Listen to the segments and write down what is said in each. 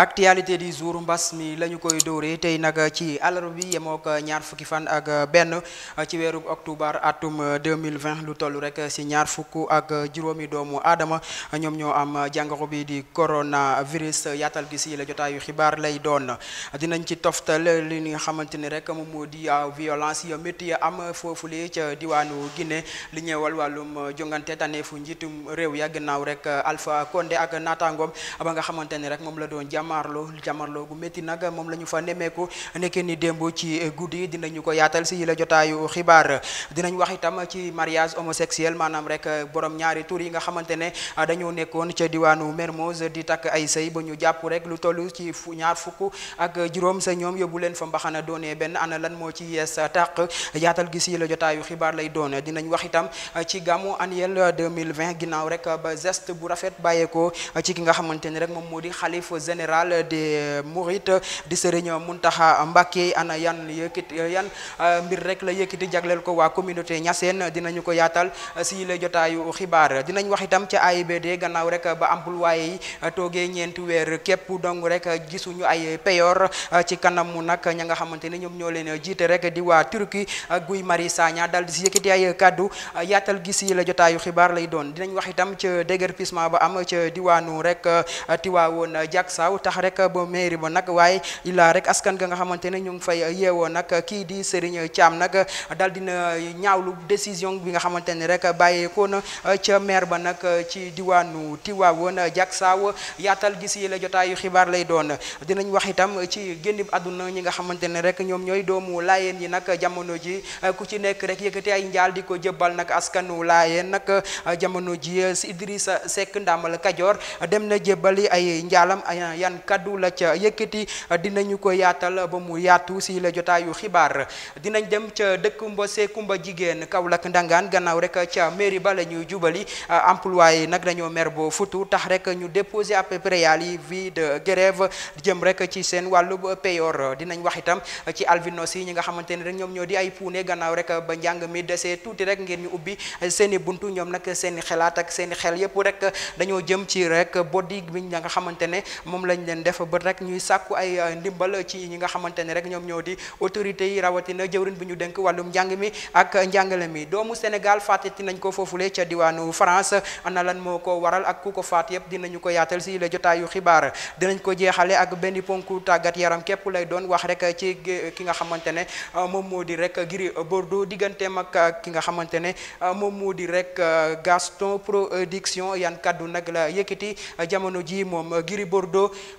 actualité du jour mbas mi la ñu koy dooree tey nag ci àllarba bi yemook ñaar fukki fan ak benn ci weeru octobre atum 2020 lu toll rek si ñaar fukk ak juróomi doomu aadama ñoom ñoo am jàngoro bi di coronavirus yaatal gi si la jotaayu xibaar lay doon dinañ ci toftal li nga xamante ni rek moom moo di violence ya métti ya am foofule ca diwaanu gine li ñeewal wàllum jongante tànneefu njiitum réew ya gannaaw rek alfa Condé ak naataangoom aba nga xamante ni rek moom la doon jàmm jàmmaarloo jàmmaarloo gu métti nag moom la ñu fa nemmeeku nekkee ni démb ci guddi dinañu ko yaatal si la jotaayu xibaar dinañ wax itam ci mariage homosexuel maanaam rek borom ñaari tur yi nga xamante ne dañoo nekkoon ca diwaanu Mermoz di takk ay sëy ba ñu jàpp rek lu toll ci ñaar fukk ak juróom sa ñoom yóbbu leen fa mbaxana doonee benn ana lan moo ci yees tàq yaatal gi si la jotaayu xibaar lay doon dinañ wax itam ci gàmmu annuel 2020 ginnaaw rek ba geste bu rafet bàyyeekoo ci ki nga xamante ne rek moom moo di xalif général des eh, Mourides di Serigne Mountakha Mbacké ana yan yëkkit eh, yan eh, mbir rek la yëkkiti jagleel ko waa communauté Niassène dinañu ko yaatal si la jotaayu xibaar dinañ wax itam ca AIBD gannaaw rek ba employé yi toogee ñeenti weer képp dong rek gisuñu ay payor ci kanamu nag ña nga xamante ni ñoom ñoo leen jiite rek di waa Turquie Guy Marius Sagna dal si yëkkiti ay kàddu yaatal gi si la jotaayu xibaar lay doon dinañ wax itam ca déguerpissement ba am ca diwaanu rek Tiwaawoon Diacksao tax rek ba mairie ba nag waaye illaa rek askan ga nga xamante ne ñu ngi fay yeewoo nag kii di Serigne Thiam nag dal dina ñaawlu décision bi nga xamante ne rek bàyyeekoo na ca maire ba nag ci diwaanu Tivaouane jak saaw yaatal gis yi la jotaayu xibaar lay doon dinañ wax itam ci génn adduna ñi nga xamante ne rek ñoom ñooy doomu laayeen yi nag jamono ji ku ci nekk rek yëkkati ay njaal di ko jëbbal nag askanu laayeen nag jamono ji Idrissa Seck Ndamal Kajoor dem na jébbali yan kaddu la ca yëkkati dinañu ko yaatal ba mu yaatu si la jotaayu xibaar dinañ dem ca dëkk Mbose Kumba jigéen Kaolack ndangaan gannaaw rek ca mairie ba la ñuy jubali employé nag dañoo mer boo futu tax rek ñu déposé à peu près préavis de grève jëm rek ci seen wàllu payor dinañ wax itam ci albinos yi ñi nga xamante ni rek ñoom ñoo di ay puune gannaaw rek ba njàng mi desee tuuti rek ngeen ñu ubbi seeni buntu ñoom nag seen i xelaat ak seen xel yëpp rek dañoo jëm ci rek bodi bi nga xamante moom lañ lañ leen def bët rek ñuy sàkku ay euh, ndimbal ci ñi nga xamante ne rek ñoom ñoo di autorité yi rawatina jëwrin bi ñu dénk wàllum njàng mi ak njàngale mi doomu Sénégal fàttati nañ ko foofule ca diwaanu France na lan moo ko waral ak ku ko faat yëpp dinañu ko yaatal si le jotaayu xibaar dinañ ko jeexale ak benn ponku tàggat yaram képp lay doon wax rek ci ki nga xamante ne euh, moom moo di rek Gris Bordeaux digganteem ak euh, ki nga xamante ne moom moo di rek Gaston Production yan kaddu nag la yëkkati jamono ji moom Gris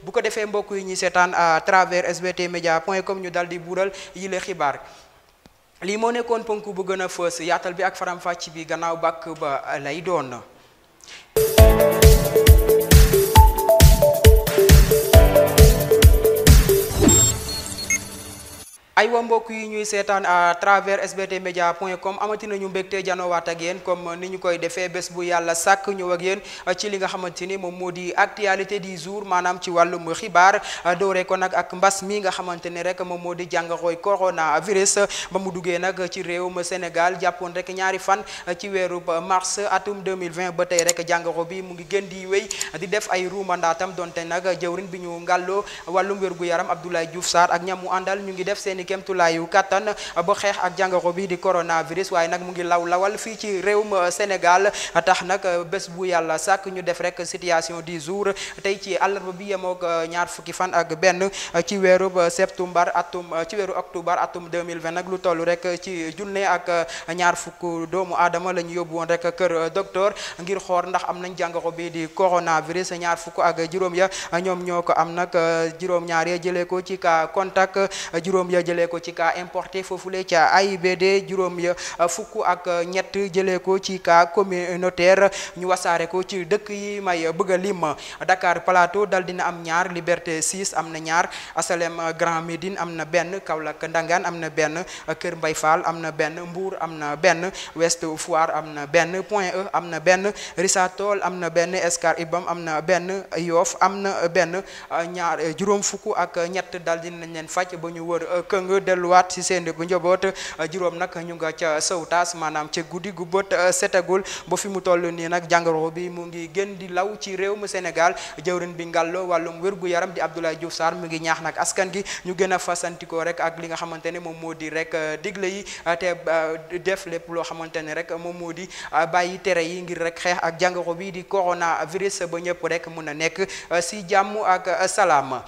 bu ko defee mbokk yi ñuy seetaan à travers sbtmedia.com ñu dal di buural yile xibaar lii moo nekkoon ponk bu gën a fës yaatal bi ak faram-fàcc bi gannaaw bàkk ba lay doon. aywa mbokk yi ñuy seetaan à travers sbtmedia point com amati nañu mbégte janowaat ak yéen comme ni ñu koy defee bés bu yàlla sàkk ñëw ak yéen euh, ci li nga xamante ni moom moo di actualité du jour maanaam ci wàllum xibaar euh, dooree ko nag ak mbas mi nga xamante ni rek moom moo di jàngoroy coronavirus ba mu duggee nag ci réew réewum Sénégal jàppoon rek ñaari fan euh, ci weeru ba mars atum 2020 ba tey rek jàngoro bi mu ngi gën di wéy di def ay ruumandaatam donte nag jëwrin bi ñu ngàlloo wàllum wér gu yaram Abdoulaye Diouf Sarr ak ñamu àndal ñu ngi def seen kémtulaayu kattan ba xeex ak jàngoro bi di coronavirus waaye nag mu ngi law lawal fii ci réewum euh, Sénégal tax nag euh, bés bu yàlla sàkk ñu def rek situation du jour tey ci àllarba bi yemook euh, ñaar fukki fan ak benn ci weeru septembre atum ci weeru octobre atum 2020 nag lu toll rek ci junne ak ñaar fukk doomu aadama la ñu yóbbu woon rek kër docteur ngir xool ndax am nañ jàngoro bi di coronavirus ñaar fukk ak juróom ya ñoom ñoo ko am nag juróom-ñaar ya jëlee ko ci cas contact juróom ya jëlee jëlee ko ci cas importé foofule ca AIBD juróom ya fukk ak ñett jëlee ko ci cas communautaire ñu wasaare ko ci dëkk yi may bëgg a lim Dakar Plateau dal dina am ñaar Liberté 6 am na ñaar Asalem Grand Médine am na benn Kaolack Ndangaan am na benn Kër Mbay Fall am na benn mbuur am na benn Ouest Foire am na benn Point E am na benn Risatol am na benn Escar Ibam am na benn Yoff am na benn ñaar juróom fukk ak ñett dal leen faj ba ñu wër këng bi delluwaat si seen bu njaboot euh, juróom nag ñu nga ca sawtaas maanaam ci guddi gu bët euh, setagul ba fi mu toll nii nag jàngoro bi mu ngi gën di law ci réew mu Sénégal jëwrin bi ngalloo wàllum wér gu yaram di Abdoulaye Diouf mu ngi ñaax nag askan gi ñu gën a fasantikoo rek ak li nga xamante ne moom moo di rek euh, digle yi te def lépp loo xamante ne rek moom moo di bàyyi tere yi ngir rek xeex ak jàngoro bi di coronavirus ba ñëpp rekk mun a nekk si jàmm ak salaam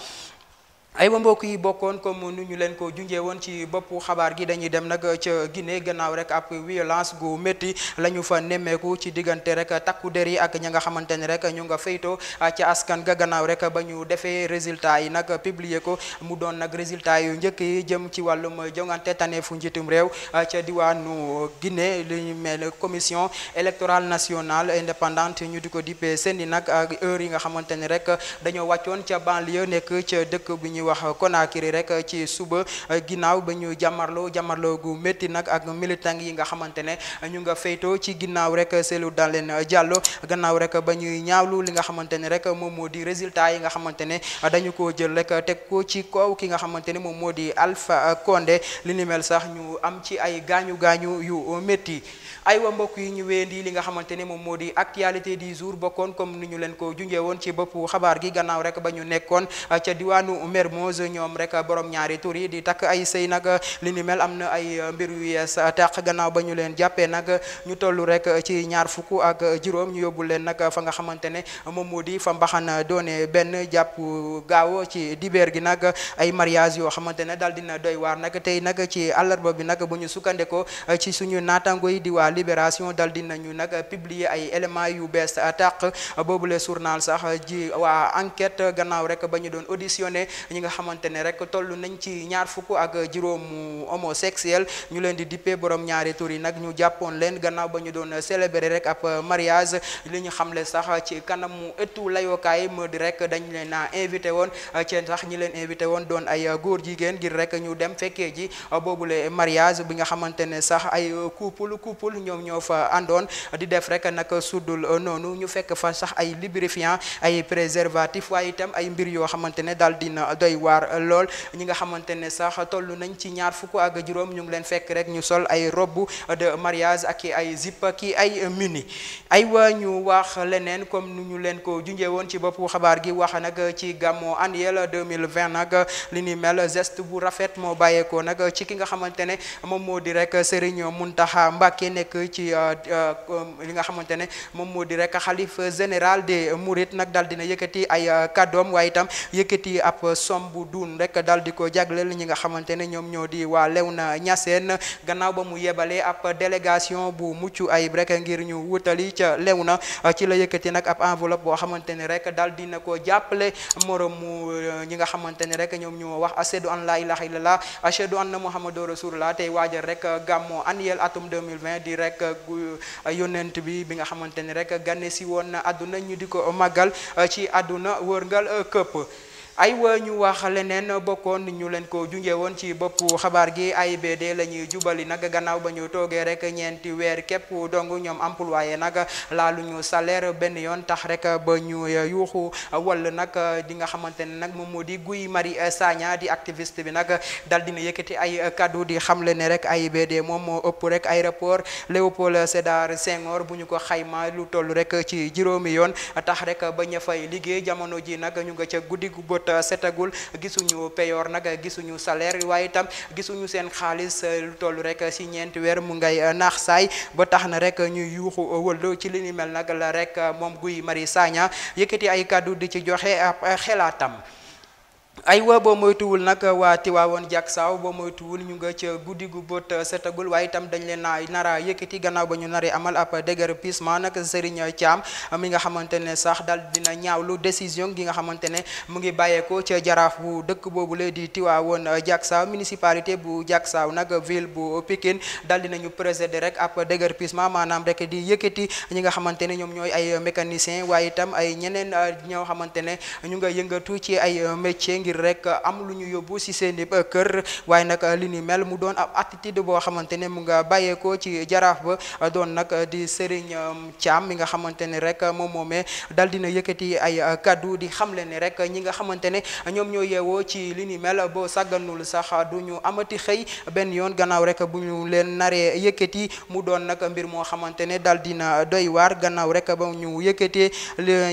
ay mbokk yi bokkoon comme nu ñu leen ko junjee woon ci boppu xabaar gi dañuy dem nag ca Guinée gannaaw rek ab violence gu métti la ñu fa nemmeeku ci diggante rek takku der yi ak ña nga xamante ni rek ñu nga faytoo ca askan ga gannaaw rek ba ñu defee résultat yi nag publier ko mu doon nag résultat yu njëkk yi jëm ci wàllum jongante fu njiitum réew ca diwaanu Guinée li ñu mel commission électorale nationale indépendante ñu di ko dippee seeni nag ak heure yi nga xamante ni rek dañoo wàccoon ca banlieue nekk ca dëkk bu ñu ñuy wax Conakry rek ci suba euh, ginnaaw ba ñu jàmmarloo jàmmarloo gu metti nag ak militant yi nga xamante ne ñu nga faytoo ci ginnaaw rek Cellou Dalein jàlloo gannaaw rek ba ñuy ñaawlu li nga xamante ne rek moom moo di résultat yi nga xamante ne dañu koo jël rek teg ko ci kaw ki nga xamante ne moom moo di Alpha Condé li ni mel sax ñu am ci ay gaañu gaañu yu ay wa mbokk yi ñu weendi li nga xamante ne moom moo di actualité du jour bokkoon comme ni ñu leen ko junjee woon ci boppu xabaar gi gannaaw rek ba ñu nekkoon ca diwaanu mer Mermoz ñoom rek borom ñaari tur yi di takk ay sey nag li ni mel am na ay mbir yu yees tàq gannaaw ba ñu leen jàppee nag ñu tollu rek ci ñaar fukk ak juróom ñu yóbbu leen nag fa nga xamante ne moom moo di fa mbaxana doone benn jàpp gaaw ci dibeer gi nag ay mariage yoo xamante ne daal dina doy waar nag tey nag ci àllarba bi nag bu ñu sukkandekoo ci suñu naataango yi di waa libération dal dinañu nag publier ay éléments yu bees tàq boobule journal sax ji waa enquête gannaaw rek ba ñu doon auditionné nga xamante ne rek toll nañ ci ñaar fukk ak juróomu homosexuel ñu leen di dippee borom ñaari tur yi nag ñu jàppoon leen gannaaw ba ñu doon célébrer rek ab mariage li ñu xamle sax ci kanamu ëttu layookaay moo di rek dañ leen a invité woon ci sax ñi leen invité woon doon ay góor jigéen ngir rek ñu dem fekkee ji boobule mariage bi nga xamante ne sax ay couple couple ñoom ñoo fa àndoon di def rek nag sudul noonu ñu fekk fa sax ay lubrifiant ay préservatif doy waar euh, lool ñi nga xamante ne sax toll nañ ci ñaar fukk ak juróom ñu ngi leen fekk rek ñu sol ay robe euh, de mariage ak ay zip ki ay muni ay wa ñu wax leneen comme nu ñu leen ko junjee woon ci boppu xabaar gi wax nag ci gàmmu annuel 2020 nag li ni mel gest bu rafet moo bàyyeekoo nag ci ki nga xamante ne moom moo di rek Serigne Mountakha Mbacké nekk ci euh, li nga xamante ne moom moo di rek général de Mourides nag daal dina yëkkati ay kàddoom waaye itam yëkkati ab som som bu duun rek daal di ko jagleel ñi nga xamante ne ñoom ñoo di waa Léona Niassène gannaaw ba mu yebalee ab délégation bu mucc ay rek ngir ñu wutali ca na ci la yëkkati nag ab enveloppe boo xamante ni rek daal dina ko jàppale morom mu euh, ñi nga xamante ni rek ñoom ñoo wax ashadu an la la ilaha illallah ashadu anna muhammadu rasulullah tey waajal rek gàmmo annuel atum mille 2020 di rek euh, yonent bi bi nga xamante ni rek ganne si woon àdduna ñu di ko màggal euh, ci àdduna wërngal këpp ay wa ñu wax leneen bokkoon ñu leen ko junjee woon ci bopp xabaar gi AIBD la ñuy jubali nag gannaaw ba ñu toogee rek ñeenti weer képp dong ñoom waaye nag laalu ñu salaire benn yoon tax rek ba ñu yuuxu wala nag di nga xamante ne nag moom moo di Guy mari Sagna di activiste bi nag dal dina yëkkati ay kaddu di xamle ne rek AIBD moom moo ëpp rek aéroport Léopold Sédar Senghor bu ñu ko xayma lu toll rek ci juróomi yoon tax rek ba ña fay liggéey jamono ji nag ñu nga ca guddi gu bët Euh, seetagul gisuñu payoor nag gisuñu salaire waaye itam gisuñu seen xaalis euh, lu toll rek si ñeenti weer mu ngay euh, naax saay ba tax na rek ñuy yuuxu wëll ci li ni mel nag la rek moom Guy Marius Sagna yëkkati ay kàddu di ci joxe a xelaatam ay aywa boo moytuwul nag waa Tiwaawoon jàk saaw boo moytuwul ñu nga ca guddi gu bët setagul waaye itam dañ leen naa nara yëkkati gannaaw ba ñu naree amal ab déguerpissement nag Serigne Thiam mi nga xamante ne sax dal dina ñaaw lu décision gi nga xamante ne mu ngi bàyyeekoo ca jaraaf bu dëkk boobu la di Tiwaawoon jàk saaw municipalité bu jàk saaw nag ville bu Pikine daal dinañu procéder rek ab déguerpissement maanaam rek di yëkkati ñi nga xamante ne ñoom ñooy ay mécanicien waaye itam ay ñeneen ñoo xamante ne ñu nga yëngatu ci ay métier ngir rek am lu ñu yóbbu si seen i kër waaye nag li ni mel mu doon ab attitude boo xamante ne mu nga bàyyeekoo ci jaraaf ba doon nag di Serigne um, Thiam mi nga xamante ne rek moom moomee dal dina yëkkati ay kaddu di xamle ne rek ñi nga xamante ne ñoom ñoo yeewoo ci li ni mel boo sàgganul sax du ñu amati xëy benn yoon gannaaw rek bu ñu leen naree yëkkati mu doon nag mbir moo xamante ne dal dina doy waar gannaaw rek ba ñu yëkkatee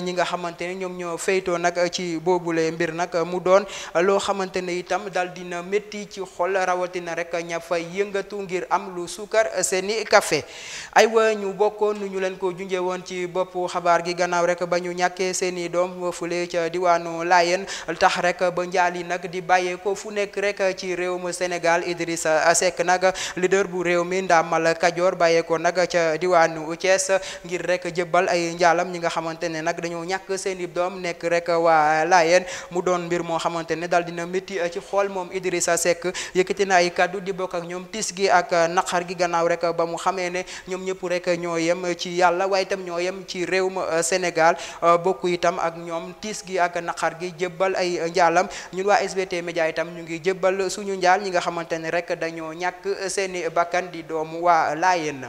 ñi nga xamante ne ñoom ñoo faytoo nag ci boobule mbir nag mu doon doon loo xamante ne itam daal dina métti ci xol rawatina rek ña fay yëngatu ngir am lu suukar seeni kafe ay aywa ñu bokkoon nu ñu leen ko junjee woon ci boppu xabaar gi gannaaw rek ba ñu ñàkkee seeni doom fule ca diwaanu Laayeen tax rek ba njaal yi nag di bàyyeekoo fu nekk rek ci réew mu Sénégal Idrissa Seck nag leader bu réew mi Ndamal Kajoor bàyyeekoo nag ca diwaanu Thiès ngir rek jëbbal ay njaalam ñi nga xamante ne nag dañoo ñàkk seeni doom nekk waa Laayeen mu doon mbir moo xam xamante ne daal dina métti eh, ci xool moom Idrissa Seck yëkkati na ay kàddu di bokk ak ñoom tiis gi ak eh, naqar gi gannaaw rek ba mu xamee ne ñoom ñëpp rek ñoo yem ci yàlla waaye itam ñoo yem ci réew ma eh, Sénégal bokk itam ak ñoom tiis gi ak naqar gi jëbbal ay njaalam ñun waa SBT Média itam ñu ngi jébbal suñu njaal ñi nga xamante ne rek dañoo ñàkk seeni bàkkan di doomu waa Laayeen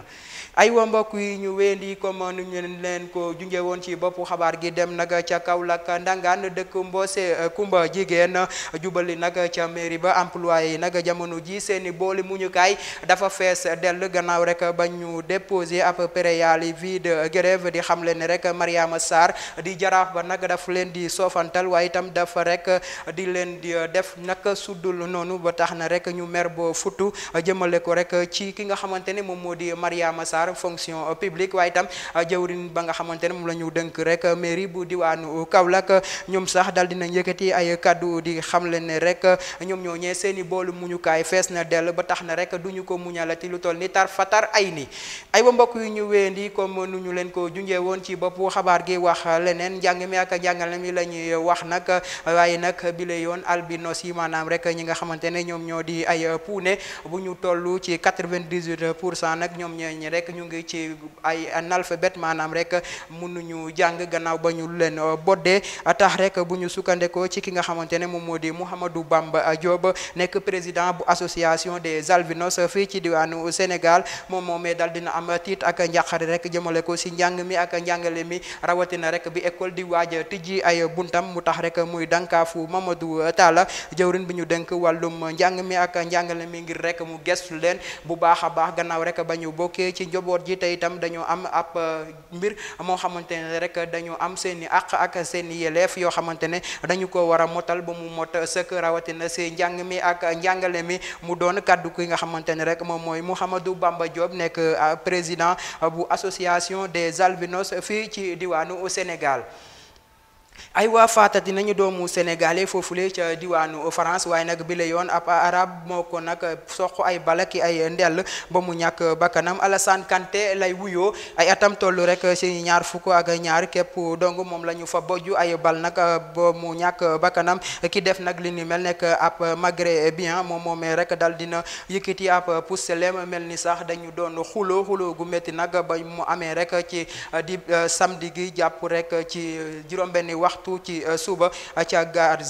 ay wa mbokk yi ñu wéyandi comme ñu leen ko junge woon ci boppu xabaar gi dem nag ca Kaolack ndangaan dëkk Mbose eh, Kumba jigéen jubali nag ca mairie ba employé yi nag jamono ji seeni booli muñukaay dafa fees dell gannaaw rek ba ñu déposé ab préavis vie de grève di xam leen rek Mariama Sarr di jaraaf ba nag daf leen di soofantal waaye itam dafa rek di leen di def nag suddul noonu ba tax na rek ñu mer ba futu jëmale ko rek ci ki nga xamante ne moom moo di Mariama Sarr fonction euh, publique waaye itam euh, jëwrin ba nga xamante ne moom la ñu dënk rek euh, mairie bu diwaanu Kaolack ñoom sax daal dinañ yëkkati ay kaddu di xam leen ne rek ñoom ñoo ñee seen i boolu muñukaay fees na dell ba tax na rek du ko muñalati lu toll ni tar fatar ay ni ay wa mbokk yu ñu wéendi comme nu ñu woon ci bopp xabaar gi wax leneen njàng mi ak njàngale la ñuy wax nag waaye nag bi la yoon albinos yi maanaam rek ñi nga xamante ne ñoom ñoo di ay puune bu ñu toll ci 98 nag ñoom ñooñu rek ñu ngi ci ay analphabète maanaam nu ñu jàng gannaaw ba ñu leen euh, boddee tax rek bu ñu sukkandekoo ci ki nga xamante ne moom moo di Mouhamadou Bamba Diop nekk président bu association des albinos fii ci diwaanu Sénégal moom moomee dal dina am tiit ak njàqare rek jëmale ko si njàng mi ak njàngale mi rawatina rek bi école di waaj a tijji ay buntam mu tax rek muy dankaafu Mamadou Talla jëwrin bi ñu dénk wàllum njàng mi ak njàngale mi ngir rek mu gestu njaboot ji tey itam dañoo am ab euh, mbir moo xamante ne rek dañoo am seen i àq ak seeni i yoo xamante ne dañu ko war a motal ba mu mot sëkk rawatina si njàng mi ak njàngale mi mu doon kàddu ki nga xamante ne rek moom mooy mu Mouhamadou bàmba Diop nekk euh, président bu association des albinos fii ci diwaanu Sénégal ay waa faata dinañu doomu foofu foofule ca diwaanu France waaye nag bi yoon ab arab moo ko nag soq ay balaki ay ndell ba mu ñàkk bakkanam Alassane Kanté lay wuyoo ay atam toll rek ci ñaar fukk ak ñaar képp dong moom la ñu fa bojju ay bal nag ba mu ñàkk bakkanam ki def nag li ni mel nekk ab maghrébien moom moomee rek dal dina yëkkati ab pusselem mel ni sax dañu doon xulo xulo gu metti nag ba mu amee rek ci di samedi gi jàpp rek ci juróom-benni waxtu ci euh, suba ca gare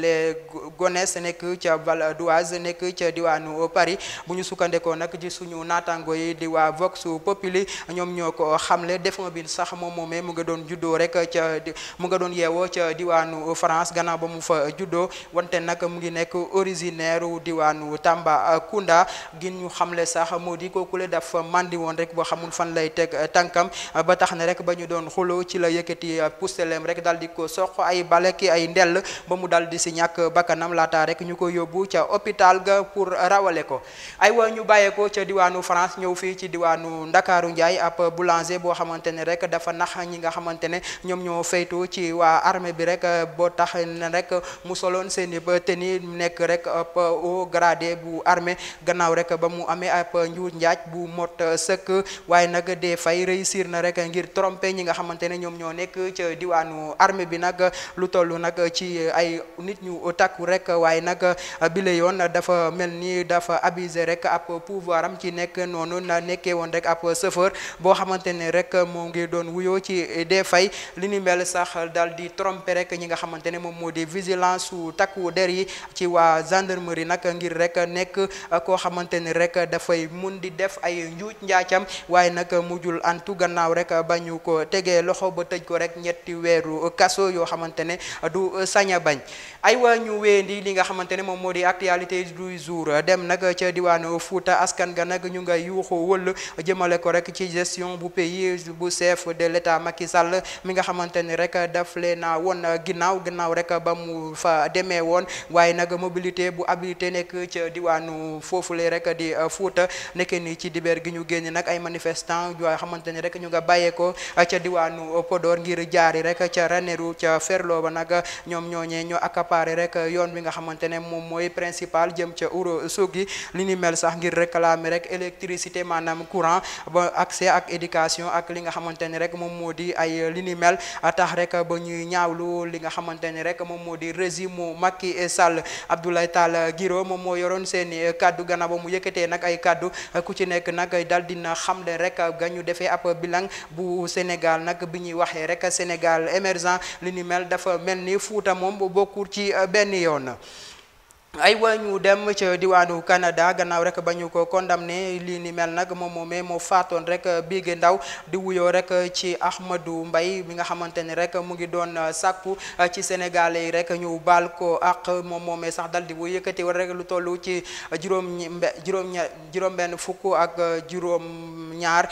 les Gonesse nekk ca bala d'Oise nekk ca diwaanu Paris bu ñu sukkandekoo nag ci suñu naataango yi di waa Vox Populi ñoom ñoo ko xamle défunt bi sax moom moomee mu nga doon juddoo rek ca mu nga doon yeewoo ca diwaanu France gannaaw ba mu fa juddoo wante nag mu ngi nekk originaire diwaanu Tambacounda gi ñu xamle sax moo di ko kookule dafa màndi woon rek boo xamul fan lay teg tànkam ba tax na rek ba ñu doon xuloo ci la yëkkati pustelem rek daal di ko ko soq ay bale ay ndell ba mu dal di si ñàkk bakkanam laata rek ñu ko yóbbu ca hôpital ga pour rawale ko ay aywa ñu bàyyeekoo ca diwaanu France ñëw fii ci diwaanu Ndakaaru Ndiaye ab boulanger boo xamante ne rek dafa nax ñi nga xamante ne ñoom ñoo faytu ci waa armée bi rek boo tax na rek mu soloon seen i ba te ni nekk rek ab haut gradé bu armée gannaaw rek ba mu amee ab njuuj njaaj bu mot sëkk waaye nag dee fay réussir na rek ngir tromper ñi nga xamante ñoom ñoo nekk ca diwaanu armée bi bi nag lu toll nag ci eh, ay nit ñu takku rek waaye nag eh, bile yoon dafa mel ni dafa abusé rek ab pouvoir am ci nekk noonu na nekkee woon rek ab chauffeur boo xamante ne rek moo ngi doon wuyoo ci dee fay li ni mel sax daal di tromper rek ñi nga xamante ne moom moo di vigilance su takku der yi ci waa gendarmerie nag ngir rek nekk eh, koo xamante ne rek dafay mun di def ay njuuj njaajam waaye nag mujjul antu gannaaw rek ba ñu ko tegee loxo ba tëj ko rek ñetti weeru kaso yoo xamante ne du euh, sañ a bañ waa ñu weendi li nga xamante ne moom moo di actualité du jour dem nag ca diwaanu fuuta askan ga nag ñu nga yuuxu wëll jëmale ko rek ci gestion bu pays bu chef de l'état Macky Sall mi nga xamante ne rek daf leen a woon ginnaaw ginnaaw rek ba mu fa demee woon waaye nag mobilité bu habilité nekk ca diwaanu foofu foofule rek di euh, Fouta nekkee ni ci dibeer gi ñu génn nag ay manifestant yoo xamante ne rek ñu nga bàyyeekoo ca diwaanu juddu ca ferlo ba nag ñoom ñooñee ñoo accaparé rek yoon bi nga xamante ne moom mooy principal jëm ca uro sugi li ni mel sax ngir réclamer rek électricité maanaam courant ba accès ak éducation ak li nga xamante ne rek moom moo di ay li ni mel tax rek ba ñuy ñaawlu li nga xamante ne rek moom moo di régime Macky Sall Abdoulaye Tall Giro moom moo yoroon seeni kaddu gannaaw ba mu yëkkatee nag ay kaddu ku ci nekk nag dal dina xamle rek ga ñu defee ab bilan bu Sénégal nag bi ñuy waxee rek Sénégal émergent li ni mel dafa mel ni Fuuta moom bokkul ci euh, benn yoon aywa ñu dem ca diwaanu Canada gannaaw rek ba ñu ko condamné lii ni mel nag moom moomee moo faatoon rek Bigué ndaw di wuyoo rek ci Ahmadou mbay mi nga xamante ni rek mu ngi doon sàkku ci Sénégalais yi rek ñu baal ko ak moom moomee sax dal di bu yëkkati war rek lu toll ci juróom juróom juróom fukk ak juróom ñaar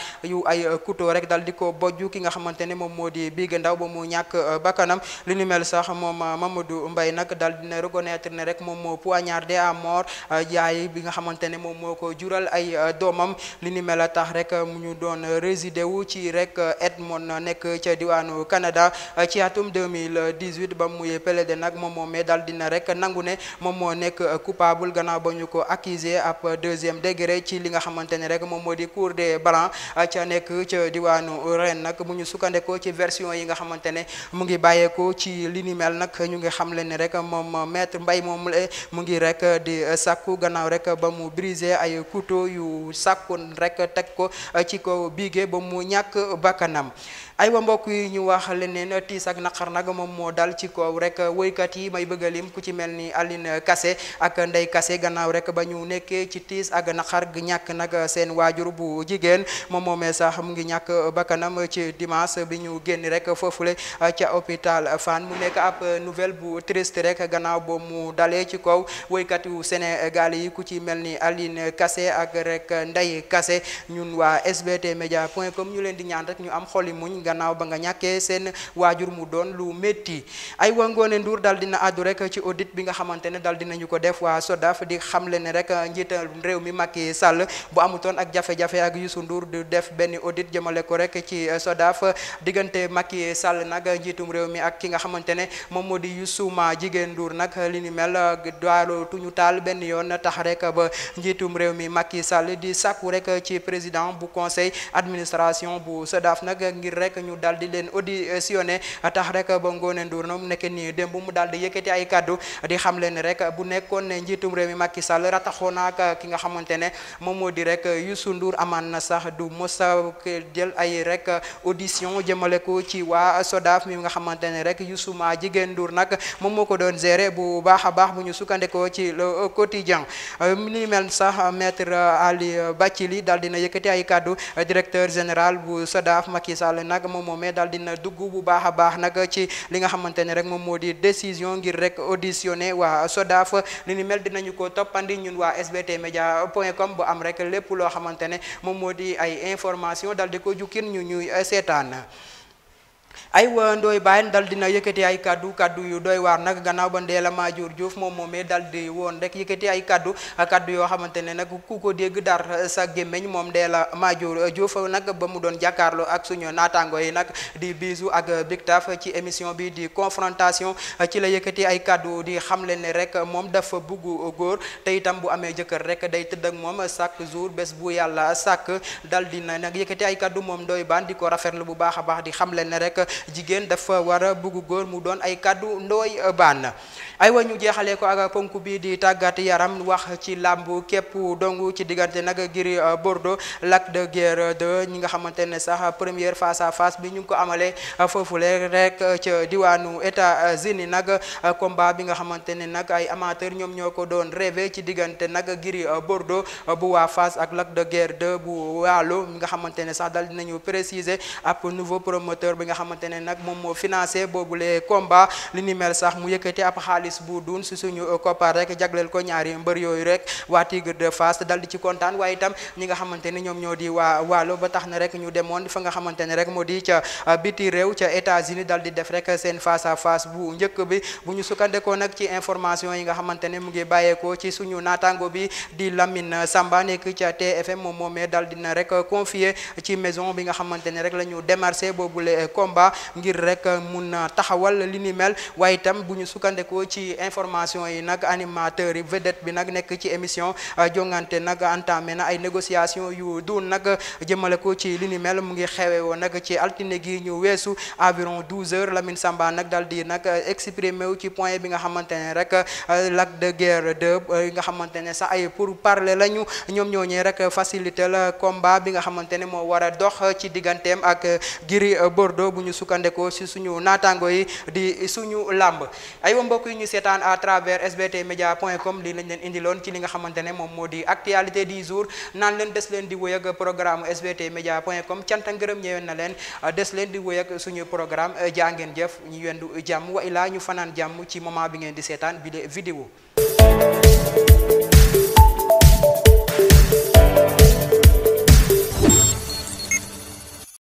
ay couteau rek dal di ko bojju ki nga xamante ni moom moo di Bigué Ndao ba mu ñàkk bakkanam li ni mel sax moom Mamadou Mbaye nag dal dina reconnaître ne rek moo poignardé à mort yaay bi nga xamante ne moom moo ko jural ay euh, doomam li ni mel tax rek euh, mu ñu doon résidé wu ci rek euh, Edmond nekk ca diwaanu kanada ci atum 2018 ba muy plaidé nag moom moomee dal dina rek nangu ne moom moo nekk coupable gannaaw ba ñu ko accusé ab deuxième degré ci li nga xamante ne rek moom moo di cour des blancs ca nekk ca diwaanu Rennes nag mu ñu sukkandekoo ci version yi nga xamante ne mu ngi bàyyeeko ci li ni nag ñu ngi xamle ne rek moom maître Mbaye moom ngi rek di eh, sakku gannaaw rek ba mu brisé ay couteau yu sàkkoon rek teg ko eh, ci ko biige ba mu ñàkk bakkanam ay aywa mbokk yi ñu wax leneen tiis ak naqar nag moom moo dal ci kow rek woykat yi may bëgg a lim ku ci mel ni Aline Kassé ak Ndey Kassé gannaaw rek ba ñu nekkee ci tiis ak naqar gi ñàkk nag seen waajur bu jigéen moom moomee sax mu ngi ñàkk bakkanam ci dimanche bi ñu génn rek foofule ca hôpital Fann mu nekk ab nouvelle bu triste rek gannaaw ba mu dalee ci kaw woykat yu Sénégal yi ku ci mel ni Aline Kassé ak rek Ndey Kassé ñun waa sbtmedia.com ñu leen di ñaan rek ñu am xoli muñ gannaaw ba nga ñàkkee seen waajur mu doon lu métti ay wangoone nduur dal dina àddu rek ci audit bi nga xamante ne dal dinañu ko def waa SODAF di xamle ne rek njiital réew mi Macky Sall bu amutoon ak jafe-jafe ak Youssou Ndour di def benn audit jëmale ko rek ci SODAF diggante Macky Sall nag njiitum réew mi ak ki nga xamante ne moom moo di Youssou ma jigéen Ndour nag li ni mel daalu tuñu taal benn yoon tax rek ba njiitum réew mi Macky Sall di sàkku rek ci président bu conseil administration bu SODAF nag ngir rek rek ñu daal di leen auditionné tax rek ba Ngoné Ndour noom nekk nii démb mu daal di yëkkati ay kaddu di xam leen rek bu nekkoon ne njiitum réew mi Macky Sall rataxoon na ak ki nga xamante ne moom moo di rek Youssou Ndour amaan na sax du mos a jël ay rek audition jëmale ko ci waa SODAV mi nga xamante ne rek Youssou ma jigéen Ndour nag moom moo ko doon gérer bu baax a baax bu ñu sukkandikoo ci le quotidien li mel sax maître Ali Bathily daal dina yëkkati ay kaddu directeur général bu SODAV Macky Sall moom moom moomee daal dina dugg bu baax a baax nag ci li nga xamante ne rek moom moo di décision ngir rek auditionné waa SODAF li ni mel dinañu ko toppandi ñun waa SBT média point comme bu am rek lépp loo xamante ne moom moo di ay information daal di ko jukkin ñu ñuy seetaan ay wa ndooy bàyyi dal dina yëkkati ay kaddu kaddu yu doy waar nag gannaaw ba la Madior Diouf moom moomee dal di woon rek yëkkati ay kaddu kaddu yoo xamante ne nag ku ko dégg dar sa gémmiñ moom Ndella Madior Diouf nag ba mu doon jàkkaarloo ak suñu naataango yi nag di bisu ak Big Taf ci émission bi di confrontation ci la yëkkati ay kàddu di xamle ne rek moom dafa bugg góor te itam bu amee jëkkër rek day tëdd ak moom chaque jour bés bu yàlla sàkk dal dina nag yëkkati ay kaddu moom ndooy baan di ko rafetlu bu baax a baax di xamle ne rek nag jigéen dafa war a bugg góor mu doon ay kàddu ndooy euh, baan aywa ñu jeexalee ko ak ponk bii di tàggat yaram wax ci làmb képp dong ci diggante nag Gris Bordeaux Lac de Guiers 2 ñi nga xamante ne sax première face à face bi ñu ngi ko amalee euh, foofule rek euh, ca diwaanu États-Unis nag combat bi nga xamante ne nag ay amateur ñoom ñoo ko doon rêvé ci diggante nag Gris Bordeaux bu waa ak Lac de Guiers 2 bu waalo mi nga xamante sax dal dinañu préciser ab nouveau xamante ne nag moom moo financé boobule combat li ni mel sax mu yëkkati ab xaalis bu duun su suñu koppar rek jagleel ko ñaari mbër yooyu rek waa Tigre de Fass dal di ci kontaan waaye itam ñi nga xamante ñoom ñoo di waa waalo ba tax na rek ñu demoon fa nga xamante ne rek moo di ca ah, biti réew ca États-Unis dal di def rek seen face à face bu njëkk bi bu ñu sukkandekoo nag ci information yi nga xamante ne mu ngi bàyyeekoo ci suñu naataango bi di Lamine Samba nekk ca TFM moom moomee dal dina rek confier ci maison bi nga xamante ne rek la ñu baax ngir rek mun a taxawal li ni mel waaye itam bu ñu sukkandekoo ci information yi nag animateur yi vedette bi nag nekk ci émission euh, jongante nag entamé na ay négociation yu duun nag jëmale ko ci li ni mel mu ngi xewe woon nag ci altine gi ñu weesu environ 12 heures lamin Samba nag daal di nag exprimé wu ci point bi nga xamante ne rek euh, lac de guerre 2 euh, nga xamante ne sax ay pour parler lañu ñu ñoom ñooñee rek faciliter la combat bi nga xamante ne moo war a dox ci digganteem ak bu sukkandekoo si suñu naataango yi di suñu làmb ay aywa mbokk yi ñu seetaan à travers sbt média point com lii lañ leen indiloon ci li nga xamante ne moom moo di actualité du jours nan leen des leen di wéy ak programme sbt média point com cant ak ngërëm ñëwen na leen des leen di wéy ak suñu programme jaa ngeen jëf ñu yendu jàmm wa ilaa ñu fanaan jàmm ci moment bi ngeen di seetaan bile vidéo